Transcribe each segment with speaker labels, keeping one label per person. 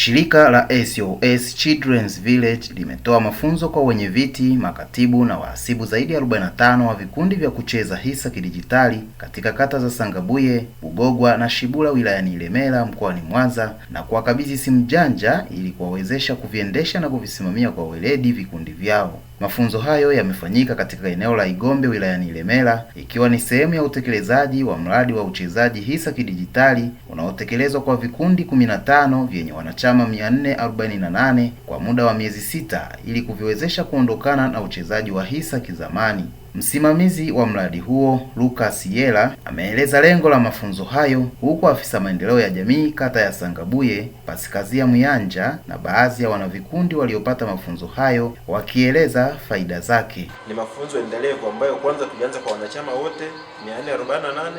Speaker 1: Shirika la SOS Children's Village limetoa mafunzo kwa wenye viti makatibu na wahasibu zaidi ya 45 wa vikundi vya kucheza hisa kidijitali katika kata za Sangabuye, Bugogwa na Shibula wilayani Ilemela mkoani Mwanza na kuwakabidhi simu janja ili kuwawezesha kuviendesha na kuvisimamia kwa weledi vikundi vyao. Mafunzo hayo yamefanyika katika eneo la Igombe wilayani Ilemela ikiwa ni sehemu ya utekelezaji wa mradi wa uchezaji hisa kidijitali unaotekelezwa kwa vikundi 15 vyenye wanachama 448 kwa muda wa miezi sita ili kuviwezesha kuondokana na uchezaji wa hisa kizamani. Msimamizi wa mradi huo Lucas Yela ameeleza lengo la mafunzo hayo, huku afisa maendeleo ya jamii kata ya Sangabuye pasikazia myanja na baadhi ya wanavikundi waliopata mafunzo hayo wakieleza faida zake.
Speaker 2: Ni mafunzo endelevu ambayo kwanza tulianza kwa wanachama wote 448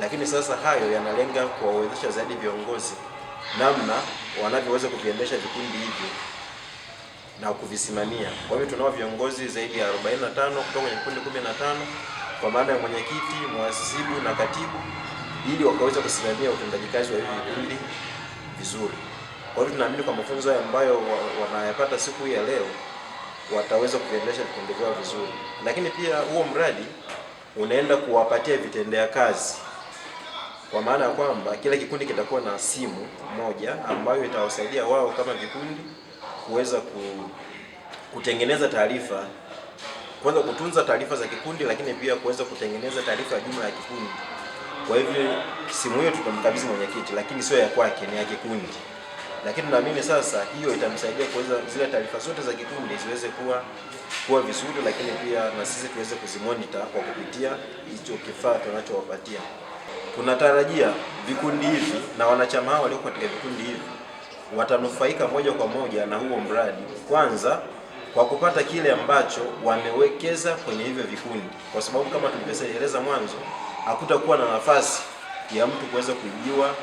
Speaker 2: lakini sasa hayo yanalenga kuwawezesha zaidi viongozi namna wanavyoweza kuviendesha vikundi hivyo na kuvisimamia. Kwa hiyo tunao viongozi zaidi ya 45 kutoka kwenye kundi 15 kwa maana ya mwenyekiti, mhasibu na katibu, ili wakaweza kusimamia utendaji kazi wa hivi vikundi vizuri. Kwa hiyo tunaamini kwa mafunzo ambayo wanayapata siku hii ya leo wataweza kuviendesha vikundi vyao vizuri, lakini pia huo mradi unaenda kuwapatia vitendea kazi kwa maana ya kwamba kila kikundi kitakuwa na simu moja ambayo itawasaidia wao kama vikundi kuweza kutengeneza taarifa kwanza, kutunza taarifa za kikundi, lakini pia kuweza kutengeneza taarifa ya jumla ya kikundi. Kwa hivyo simu hiyo tutamkabidhi mwenyekiti, lakini sio ya kwake, ni ya kikundi. Lakini naamini sasa hiyo itamsaidia kuweza zile taarifa zote za kikundi ziweze kuwa kuwa vizuri, lakini pia na sisi tuweze kuzimonita kwa kupitia hicho kifaa tunachowapatia. Tunatarajia vikundi hivi na wanachama hao walioko katika vikundi hivi watanufaika moja kwa moja na huo mradi, kwanza kwa kupata kile ambacho wamewekeza kwenye hivyo vikundi, kwa sababu kama tulivyoeleza mwanzo, hakutakuwa na nafasi ya mtu kuweza kujua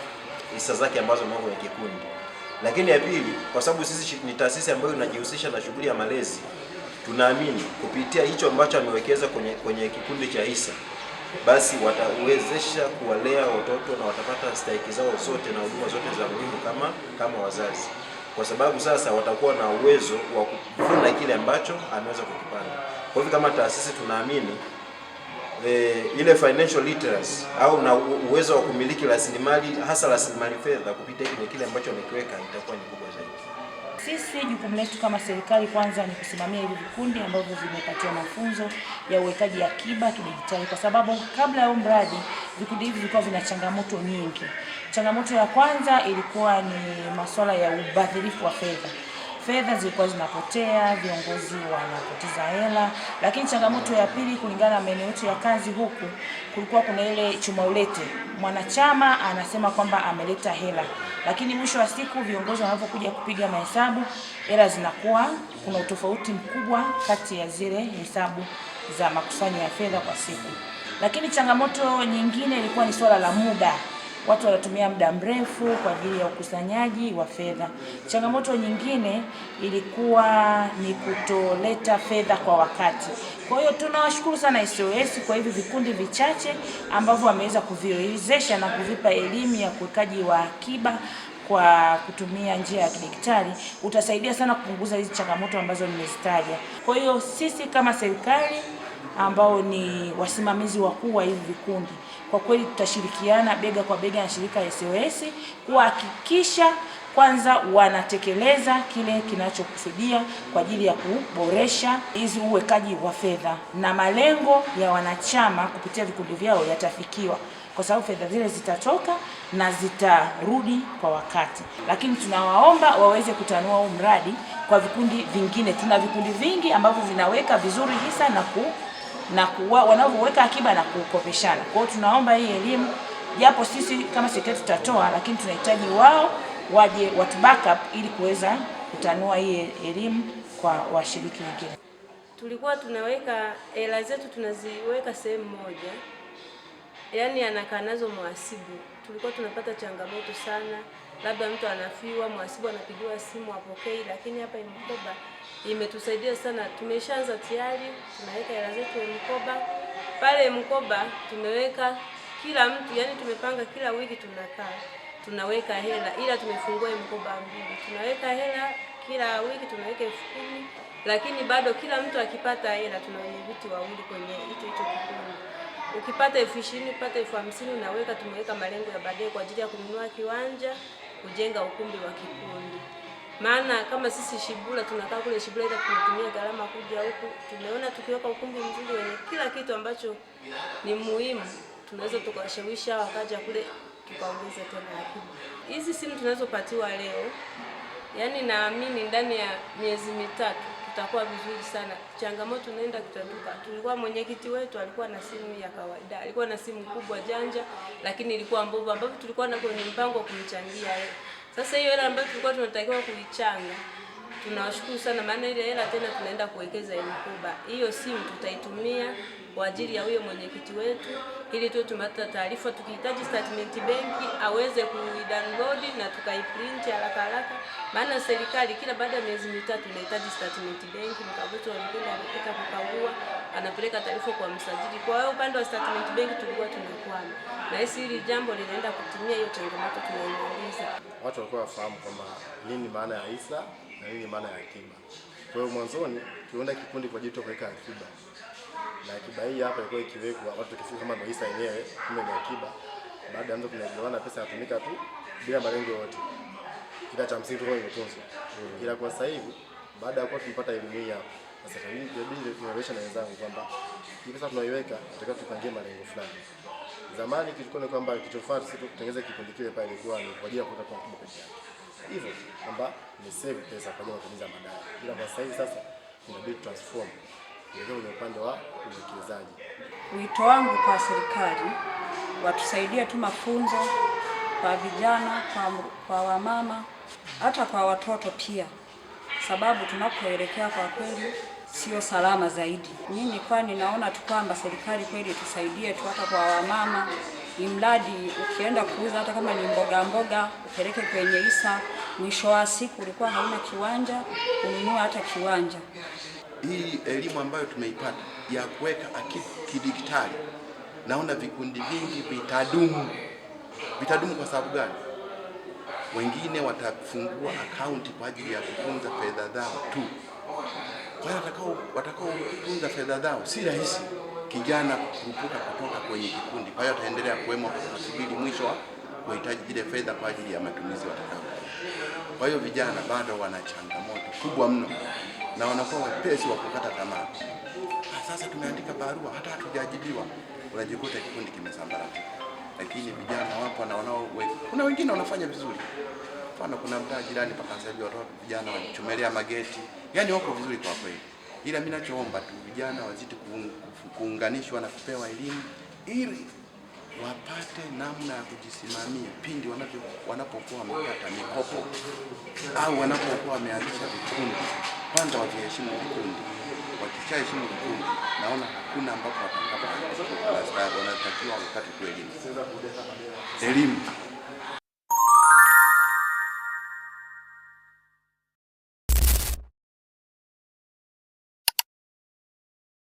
Speaker 2: hisa zake ambazo mambo ya kikundi. Lakini ya pili, kwa sababu sisi ni taasisi ambayo inajihusisha na shughuli ya malezi, tunaamini kupitia hicho ambacho amewekeza kwenye, kwenye kikundi cha hisa basi watawezesha kuwalea watoto na watapata stahiki zao zote na huduma zote za muhimu kama kama wazazi, kwa sababu sasa watakuwa na uwezo wa kuvuna kile ambacho ameweza kukipanda. Kwa hivyo kama taasisi tunaamini E, ile financial literacy au na uwezo wa kumiliki rasilimali hasa rasilimali fedha kupitia kile kile ambacho amekiweka itakuwa ni kubwa zaidi.
Speaker 3: Sisi jukumu letu kama serikali kwanza ni kusimamia hivi vikundi ambavyo vimepatiwa mafunzo ya uwekaji akiba kidijitali, kwa sababu kabla ya huu mradi vikundi hivi vilikuwa vina changamoto nyingi. Changamoto ya kwanza ilikuwa ni masuala ya ubadhirifu wa fedha fedha zilikuwa zinapotea, viongozi wanapoteza hela. Lakini changamoto ya pili, kulingana na maeneo yetu ya kazi huku, kulikuwa kuna ile chuma ulete, mwanachama anasema kwamba ameleta hela, lakini mwisho wa siku viongozi wanapokuja kupiga mahesabu, hela zinakuwa, kuna utofauti mkubwa kati ya zile hesabu za makusanyo ya fedha kwa siku. Lakini changamoto nyingine ilikuwa ni swala la muda watu wanatumia muda mrefu kwa ajili ya ukusanyaji wa fedha. Changamoto nyingine ilikuwa ni kutoleta fedha kwa wakati. Kwa hiyo tunawashukuru sana SOS kwa hivi vikundi vichache ambavyo wameweza kuviwezesha na kuvipa elimu ya kuwekaji wa akiba kwa kutumia njia ya kidigitali utasaidia sana kupunguza hizi changamoto ambazo nimezitaja. Kwa hiyo sisi kama serikali ambao ni wasimamizi wakuu wa hivi vikundi. Kwa kweli tutashirikiana bega kwa bega na shirika SOS kuhakikisha kwanza wanatekeleza kile kinachokusudia kwa ajili ya kuboresha hizi uwekaji wa fedha na malengo ya wanachama kupitia vikundi vyao yatafikiwa, kwa sababu fedha zile zitatoka na zitarudi kwa wakati. Lakini tunawaomba waweze kutanua huu mradi kwa vikundi vingine. Tuna vikundi vingi ambavyo vinaweka vizuri hisa na ku na wanavyoweka akiba na kukopeshana. Kwa hiyo tunaomba hii elimu, japo sisi kama serikali tutatoa, lakini tunahitaji wao waje watu backup ili kuweza kutanua hii elimu kwa washiriki wengine.
Speaker 4: Tulikuwa tunaweka hela zetu tunaziweka sehemu moja, yaani anakaa nazo mhasibu. Tulikuwa tunapata changamoto sana labda mtu anafiwa, mwasibu anapigiwa simu apokei, lakini hapa mkoba imetusaidia sana. Tumeshaanza tayari, tunaweka hela zetu mkoba pale. Mkoba tumeweka kila mtu, yani tumepanga kila wiki tunakaa tunaweka hela, ila tumefungua mkoba mbili, tunaweka hela kila wiki tunaweka elfu kumi lakini bado kila mtu akipata hela tuna wenyeviti wawili kwenye hicho hicho kikundi. Ukipata elfu ishirini, ukipata elfu hamsini unaweka. Tumeweka malengo ya baadaye kwa ajili ya kununua kiwanja kujenga ukumbi wa kikundi. Maana kama sisi Shibula tunakaa kule Shibula, ila tunatumia gharama kuja huku, tumeona tukiweka ukumbi mzuri wenye kila kitu ambacho ni muhimu, tunaweza tukawashawisha wakaja kule, tukaongeza tena akiba. Hizi simu tunazopatiwa leo, yaani naamini ndani ya miezi mitatu tutakuwa vizuri sana. Changamoto naenda kutatuka. Tulikuwa mwenyekiti wetu alikuwa na simu ya kawaida, alikuwa na simu kubwa janja, lakini ilikuwa mbovu, ambapo tulikuwa na kwenye mpango wa kumchangia yeye. Sasa hiyo hela ambayo tulikuwa tunatakiwa kuichanga tunawashukuru sana, maana ile hela tena tunaenda kuwekeza Mkuba. Hiyo simu tutaitumia kwa ajili ya huyo mwenyekiti wetu, ili tuwe tumepata taarifa. Tukihitaji statement benki aweze kuidownload na tukaiprint haraka haraka, maana serikali kila baada ya miezi mitatu inahitaji statement benki. Mkaguzi wa mikopo anapita kukagua, anapeleka taarifa kwa msajili. Kwa hiyo upande wa statement benki tulikuwa tunakwama, na hisi hili jambo linaenda kutumia hiyo changamoto tunaimaliza.
Speaker 5: Watu walikuwa wafahamu kwamba nini maana ya hisa na nini maana ya akiba. Kwa hiyo mwanzoni tuliunda kikundi kwa ajili ya kuweka akiba na akiba hii hapa ilikuwa ikiwekwa watu tukifika kama ndio yenyewe, kumbe ni akiba. Baada ya mtu tunagawana pesa yatumika tu bila malengo yote, kila cha msingi tulikuwa imetunzwa. Mm. Ila kwa sasa hivi baada ya kuwa tumepata elimu hii hapa sasa, kwa ndio bidii tunaelewesha na wenzangu kwamba hii pesa tunaiweka, tutakao tupangie malengo fulani. Zamani kilikuwa ni kwamba kichofaa sisi tutengeneze kikundi kile pale, ilikuwa ni kwa ajili ya kupata kwa pesa yake, hivyo kwamba ni save pesa kwa ajili ya matumizi ya baadaye, ila kwa sasa hivi sasa tunabidi transform vilevile ni upande wa uwekezaji.
Speaker 6: Wito wangu kwa serikali watusaidie tu mafunzo kwa vijana, kwa, kwa wamama hata kwa watoto pia, sababu tunapoelekea kwa kweli sio salama zaidi. Mimi kwani naona tu kwamba serikali kweli tusaidie tu hata kwa wamama, ni mradi ukienda kuuza hata kama ni mboga mboga upeleke kwenye isa, mwisho wa siku ulikuwa hauna kiwanja ununue hata kiwanja
Speaker 7: hii elimu ambayo tumeipata ya kuweka akili kidigitali, naona vikundi vingi vitadumu. Vitadumu kwa sababu gani? Wengine watafungua akaunti kwa ajili ya kutunza fedha zao tu, kwa hiyo watakao watakaotunza fedha zao, si rahisi kijana kukurupuka kutoka kwenye kikundi. Kwa hiyo ataendelea kuwemo kusubiri mwisho kuhitaji zile fedha kwa ajili ya matumizi watakao. Kwa hiyo vijana bado wana changamoto kubwa mno na wanakuwa wepesi wa kukata tamaa. Ah, sasa tumeandika barua hata hatujajibiwa, unajikuta kikundi kimesambaratika. Lakini vijana wapo na wanao, kuna wengine wanafanya vizuri. Mfano, kuna mtaa jirani paka sasa hivi watoto vijana wanachomelea mageti, yaani wako vizuri kwa kweli. Ila mimi nachoomba tu vijana wazidi kuunganishwa na kupewa elimu ili wapate namna ya kujisimamia pindi wanapokuwa wamepata mikopo au wanapokuwa wameanzisha vikundi. Kwanza wakiheshimu vikundi, wakishaheshimu vikundi, naona hakuna ambapo wanatakiwa wapate tu elimu elimu